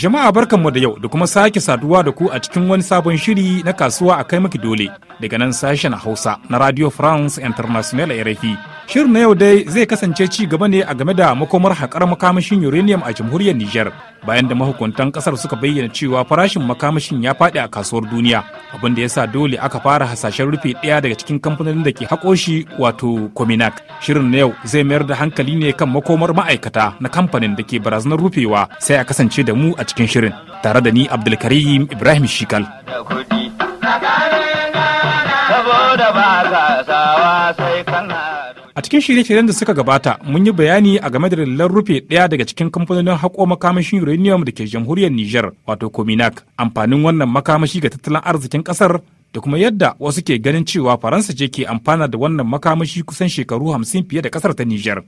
Jama'a barkanmu da yau da kuma sake saduwa da ku a cikin wani sabon shiri na kasuwa a kai maki dole daga nan sashen Hausa na Radio France International RFI. Shirin na yau dai zai kasance ci gaba ne a game da makomar haƙar makamashin uranium a jamhuriyar Nijar bayan da mahukuntan ƙasar suka bayyana cewa farashin makamashin ya faɗi a kasuwar duniya abin da ya sa dole aka fara hasashen rufe ɗaya daga cikin kamfanonin da ke haƙo shi wato Cominac. Shirin na yau zai mayar da hankali ne kan makomar ma'aikata na kamfanin da ke barazanar rufewa sai a kasance da mu a cikin shirin tare da ni Abdulkarim Ibrahim Shikal. Saboda ba A cikin shirye-shiryen da suka gabata mun yi bayani a game da dalilan rufe ɗaya daga cikin kamfanonin haƙo makamashin uranium da ke jamhuriyar niger wato Cominac amfanin wannan makamashi ga tattalin arzikin ƙasar da kuma yadda wasu ke ganin cewa Faransa ce ke amfana da wannan makamashi kusan shekaru hamsin fiye da ƙasar ta niger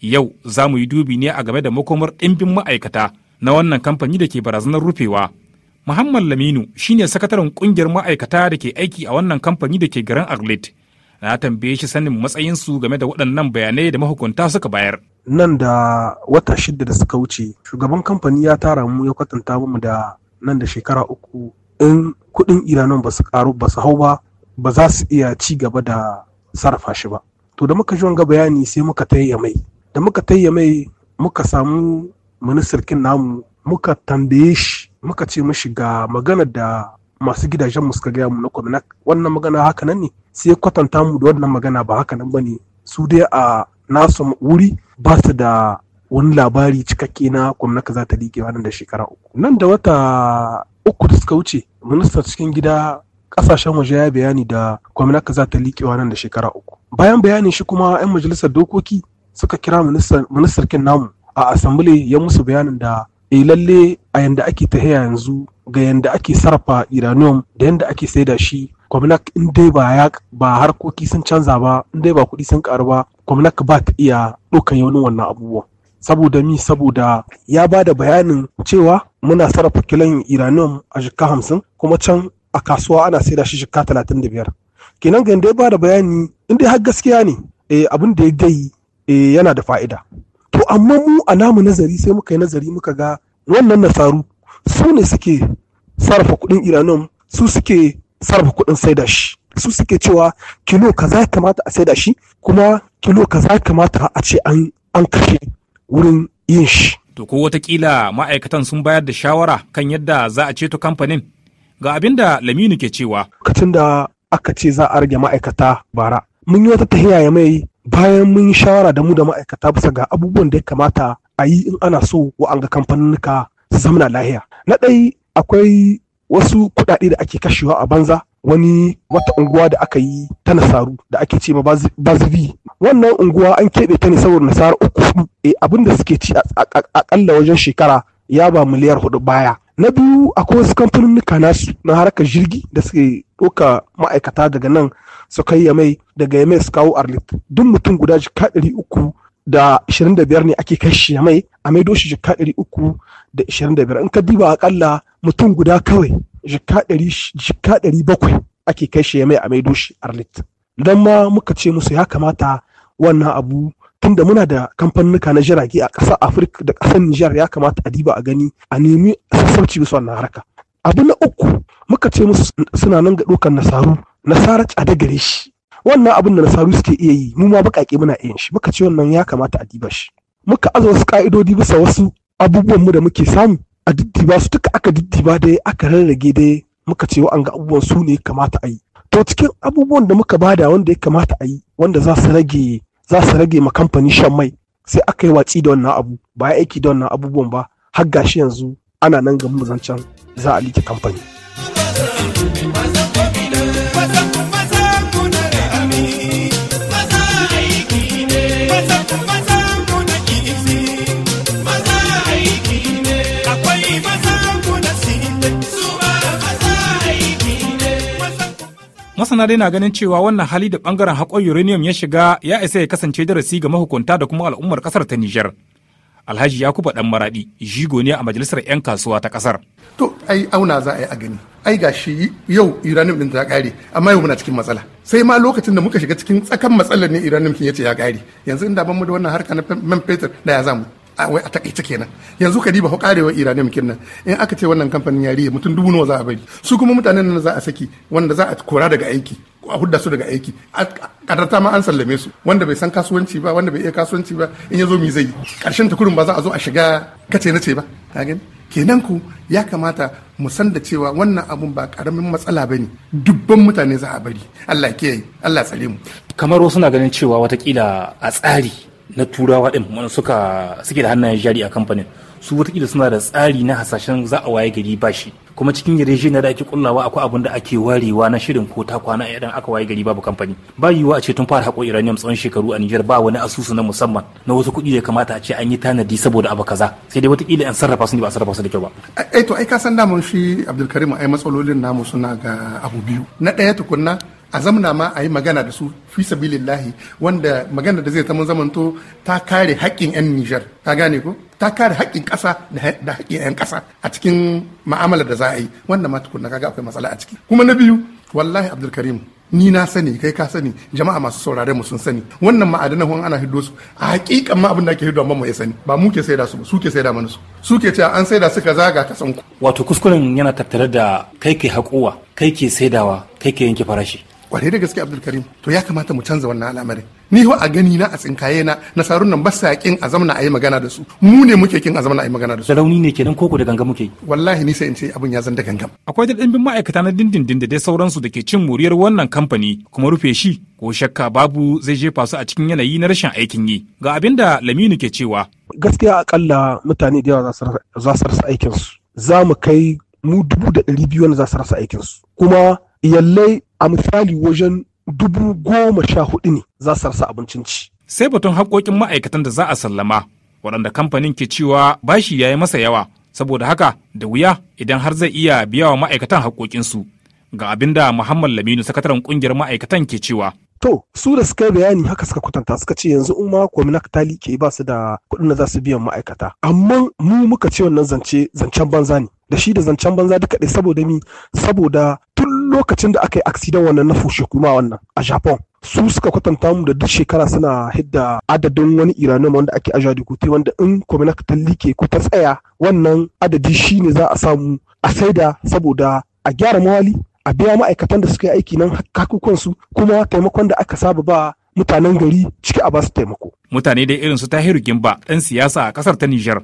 Yau za mu yi dubi ne a game da makomar ɗimbin ma'aikata na wannan kamfani da ke barazanar rufewa. Muhammad Laminu shine sakataren ƙungiyar ma'aikata da ke aiki a wannan kamfani da ke garin Arlit. na tambaye shi sanin matsayinsu game da waɗannan bayanai da mahukunta suka bayar. Nan da wata shida da suka wuce, shugaban kamfani ya tara mu ya kwatanta mu da nan da shekara uku in kuɗin iranon ba su karu ba su hau ba ba za su iya ci gaba da sarrafa shi ba. To da muka ji wanga bayani sai muka tayya mai. Da muka tayya mai muka samu ministarkin namu muka tambaye shi muka ce mashi ga maganar da masu gidajen mu suka gaya mu na kwaminak wannan magana haka nan ne sai kwatanta mu da wannan magana ba haka nan bane su dai a nasu wuri ba su da wani labari cikakke na gwamnati za ta liƙe nan da shekara uku nan da wata uku da suka wuce ministan cikin gida kasashen waje ya bayani da Kominak za ta liƙe nan da shekara uku bayan bayanin shi kuma 'yan majalisar dokoki suka kira ministar namu a asambile ya musu bayanin da eh lalle a yanda ake ta yanzu ga yanda ake sarrafa uranium da yanda ake da shi kwamnak in dai ba ya ba harkoki sun canza ba in dai ba kuɗi sun karu ba kwamnak ba ta iya ɗaukan yaunin wannan abubuwan saboda mi saboda ya ba da bayanin cewa muna sarrafa kilon uranium a jikka hamsin kuma can a kasuwa ana da shi jikka talatin da biyar kenan ga yanda ya ba da bayani in dai har gaskiya ne eh, abin da ya gai eh, yana da fa'ida to amma mu a namu nazari sai muka yi nazari muka ga wannan nasaru su ne suke sarrafa kuɗin iranon su suke sarrafa kuɗin saida shi su suke cewa kilo kaza kamata a saida shi kuma kilo kaza kamata a ce an kashe wurin yin shi to ko watakila ma'aikatan sun bayar da shawara kan yadda za a ceto kamfanin ga abin da laminu ke cewa lokacin da aka ce za a rage ma'aikata bara mun yi wata tahiya ya mai bayan mun shawara da mu da ma'aikata bisa ga abubuwan da ya kamata a yi in ana so wa wa'anga ka su zamana lahiya na ɗai akwai wasu kuɗaɗe da ake kashewa a banza wani wata unguwa da aka yi ta nasaru da ake ce ma bazivi wannan unguwa an keɓe ta ne saboda nasara uku eh, abin da suke ci a ƙalla wajen shekara ya ba miliyar hudu baya na biyu akwai wasu kamfaninnika nasu na harkar jirgi da suke ɗauka ma'aikata daga nan su kai yamai daga yamai su kawo arlit duk mutum guda jika ɗari uku da ishirin da biyar ne ake kai shi yamai a maido shi jika ɗari uku da ishirin da biyar in ka diba akalla mutum guda kawai jika ɗari jika ɗari bakwai ake kai shi yamai a maido shi arlit dan ma muka ce musu ya kamata wannan abu tunda muna da kamfanuka na jirage a ƙasar afirka da ƙasar nijar ya kamata a diba a gani a nemi sassauci musu wannan harka abu na uku muka ce musu suna nan ga ɗaukar nasaru nasara a da gare shi wannan abin da nasaru suke iya yi mu ma baƙaƙe muna iya shi muka ce wannan ya kamata a diba shi muka aza wasu ka'idodi bisa wasu abubuwan abubuwanmu da muke samu a diddiba su duka aka diddiba dai aka rarrage dai muka ce wa'an ga abubuwan su ne kamata a yi to cikin abubuwan da muka bada wanda ya kamata a yi wanda za su rage za su rage ma kamfani shan mai sai aka yi watsi da wannan abu ba ya aiki da wannan abubuwan ba har gashi yanzu ana nan ga zancen za a like kamfani. masana dai na ganin cewa wannan hali da bangaren haƙon uranium ya shiga ya isa ya kasance darasi ga mahukunta da kuma al'ummar ƙasar ta Nijar. Alhaji Yakuba Dan Maradi jigo ne a majalisar 'yan kasuwa ta ƙasar. To ai auna za a yi a gani. Ai gashi yau uranium din ta ƙare amma yau muna cikin matsala. Sai ma lokacin da muka shiga cikin tsakan matsalar ne uranium kin yace ya ƙare. Yanzu in da ban mu da wannan harka na man fetur da ya zamu. a wai a takaice kenan yanzu ka diba karewa iranian mukin nan in aka ce wannan kamfanin yari mutum dubu nawa za a bari su kuma mutanen nan za a saki wanda za a kora daga aiki a hudda su daga aiki kadarta ma an sallame su wanda bai san kasuwanci ba wanda bai iya kasuwanci ba in ya zo mi zai karshen kurun ba za a zo a shiga kace na ce ba ka gani kenan ku ya kamata mu san da cewa wannan abun ba karamin matsala bane dubban mutane za a bari Allah ke Allah tsare mu kamar wasu na ganin cewa watakila a tsari na turawa din suka suke da hannayen jari a kamfanin su watakila suna da tsari na hasashen za a waye gari bashi kuma cikin na da ake kullawa akwai abin da ake warewa na shirin ko ta kwana idan aka waye gari babu kamfani ba yiwuwa a ce tun fara haƙo iranium tsawon shekaru a Nijar ba wani asusu na musamman na wasu kuɗi da kamata a ce an yi tanadi saboda abu kaza sai dai watakila an sarrafa su ne ba a sarrafa su da kyau ba. ai eh, to ai ka san daman shi Abdulkarim ai matsalolin namu suna ga abu biyu na ɗaya tukunna a zamana ma a yi magana da su fi sabilillahi wanda magana da zai zama zamanto ta kare haƙƙin 'yan Nijar ta gane ko ta kare haƙƙin ƙasa da haƙƙin 'yan ƙasa a cikin ma'amala da za a yi wanda ma tukunna kaga akwai matsala a ciki kuma na biyu wallahi Abdulkarim ni na sani kai ka sani jama'a masu saurare mu sun sani wannan ma'adanan ho ana hiddo su a haƙiƙan ma abin da ake hiddo mu ya sani ba mu ke saida su ba su ke saida mana su su ke cewa an saida suka zaga kasan ku wato kuskuren yana tattare da kai ke haƙuwa kai ke saidawa kai ke yanke farashi kwarai da gaske abdulkarim to ya kamata mu canza wannan al'amarin ni ho a gani na a tsinkaye na nasarun nan ba sa kin a zamna a yi magana da su mu ne muke kin a zamna a yi magana da su da rauni ne kenan koko da ganga muke wallahi ni sai in ce abin ya zan da akwai da dimbin ma'aikata na dindindin da dai sauransu da ke cin muriyar wannan kamfani kuma rufe shi ko shakka babu zai jefa su a cikin yanayi na rashin aikin yi ga abin da laminu ke cewa gaskiya akalla mutane da yawa za su rasa aikinsu za mu kai mu dubu da ɗari biyu za su rasa aikinsu kuma yallai a misali wajen dubu goma sha hudu ne za su rasa abincin ci. Sai batun haƙoƙin ma'aikatan da za a sallama waɗanda kamfanin ke cewa bashi ya yi masa yawa saboda haka da wuya idan har zai iya biya wa ma'aikatan haƙoƙinsu ga abin da Muhammad Laminu sakataren ƙungiyar ma'aikatan ke cewa. To su da suka bayani haka suka kwatanta suka ce yanzu in ma ke ba su da kuɗin da za su biyan ma'aikata amma mu muka ce wannan zance zancen banza ne da shi da zancen banza duka ɗaya saboda mi saboda tun lokacin da aka yi aksidan wannan na fushe kuma wannan a japan su suka kwatanta mu da duk shekara suna hidda adadin wani iranium wanda ake ajiya da gote wanda in kwaminak ke ke ko ta tsaya wannan adadi shi ne za a samu a saida saboda a gyara mawali a biya ma'aikatan da suka yi aiki nan kakukansu kuma taimakon da aka saba ba mutanen gari ciki a basu taimako. Mutane dai irin su Tahiru Gimba ɗan siyasa a kasar ta Nijar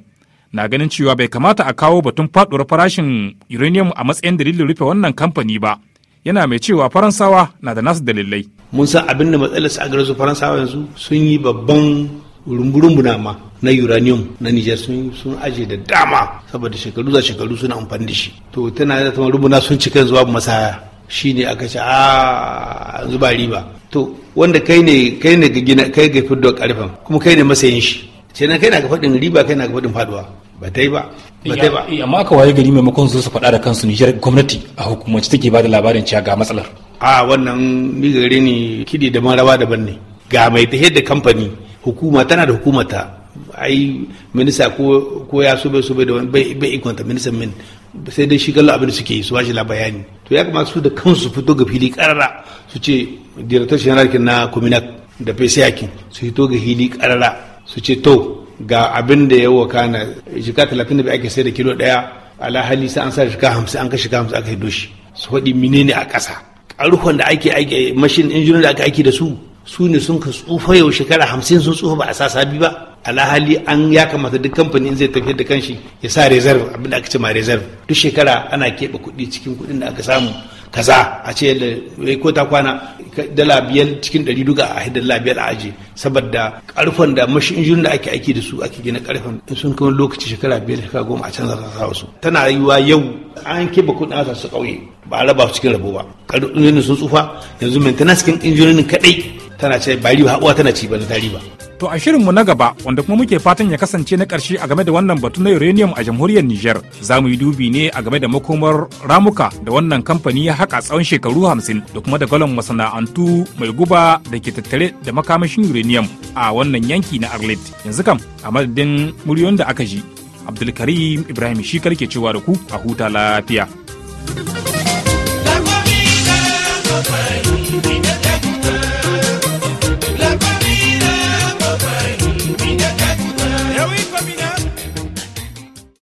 na ganin cewa bai kamata a kawo batun faɗuwar farashin uranium a matsayin dalilin rufe wannan kamfani ba yana mai cewa faransawa na da nasu dalilai mun san abin da matsalar su a garin su faransawa yanzu sun yi babban rumbu-rumbu na ma na uranium na niger sun sun aje da dama saboda shekaru za shekaru suna amfani da shi to tana da tamar rumbuna sun cika zuwa masaya shine aka ce a zuba riba to wanda kai ne kai ne ga gina kai ga fiddo karfin kuma kai ne masayin shi sai na kai na ga faɗin riba kai na ga faɗin faduwa ba dai ba ba dai ba amma aka waye gari maimakon su su faɗa da kansu Nijar gwamnati a hukumance take ba da labarin cewa ga matsalar a wannan ni gari ne kidi da rawa daban ne ga mai ta da kamfani hukuma tana da hukumata ai minista ko ya so bai so bai da bai ikonta minista min sai dai shi gallo abin suke su bashi bayani to ya kamata su da kansu fito ga fili karara su ce director general na kominak da fesiyakin su fito ga fili karara su ce to ga abin da ya wakana shika talatin da ake sai da kilo daya hali sai an sa shika hamsin an ka shika hamsin aka hido shi su faɗi ne a ƙasa ƙarfon da ake aiki eh, mashin injinin da aka aiki da su su ne sun ka tsufa yau shekara hamsin sun tsufa ba a sa sabi ba alahali an ya kamata duk in zai tafiyar da kanshi ya sa reserve abinda aka ce ma reserve duk shekara ana keɓe kuɗi cikin kuɗin da aka samu kaza a ce ko ta kwana dala biyar cikin ɗari duka a hidar dala biyar a aji saboda karfan da mashi injirin da ake aiki da su ake gina karfan in sun kawo lokaci shekara biyar shekara goma a canza sa wasu tana yiwa yau an keɓe kuɗin a su ƙauye ba a raba su cikin rabo ba injinin sun tsufa yanzu maintenance cikin injinin kaɗai tana ce bari ba haɓuwa tana ci ba na tari ba To a mu na gaba wanda kuma muke fatan ya kasance na ƙarshe a game da wannan batu na uranium a jamhuriyar Nijar za mu yi dubi ne a game da makomar ramuka da wannan kamfani ya haƙa tsawon shekaru hamsin da kuma da galon masana'antu mai guba da ke tattare da makamashin uranium a wannan yanki na Arlit. Yanzu kam a madadin muryoyin da aka ji Abdulkarim Ibrahim shi ke cewa da ku a huta lafiya.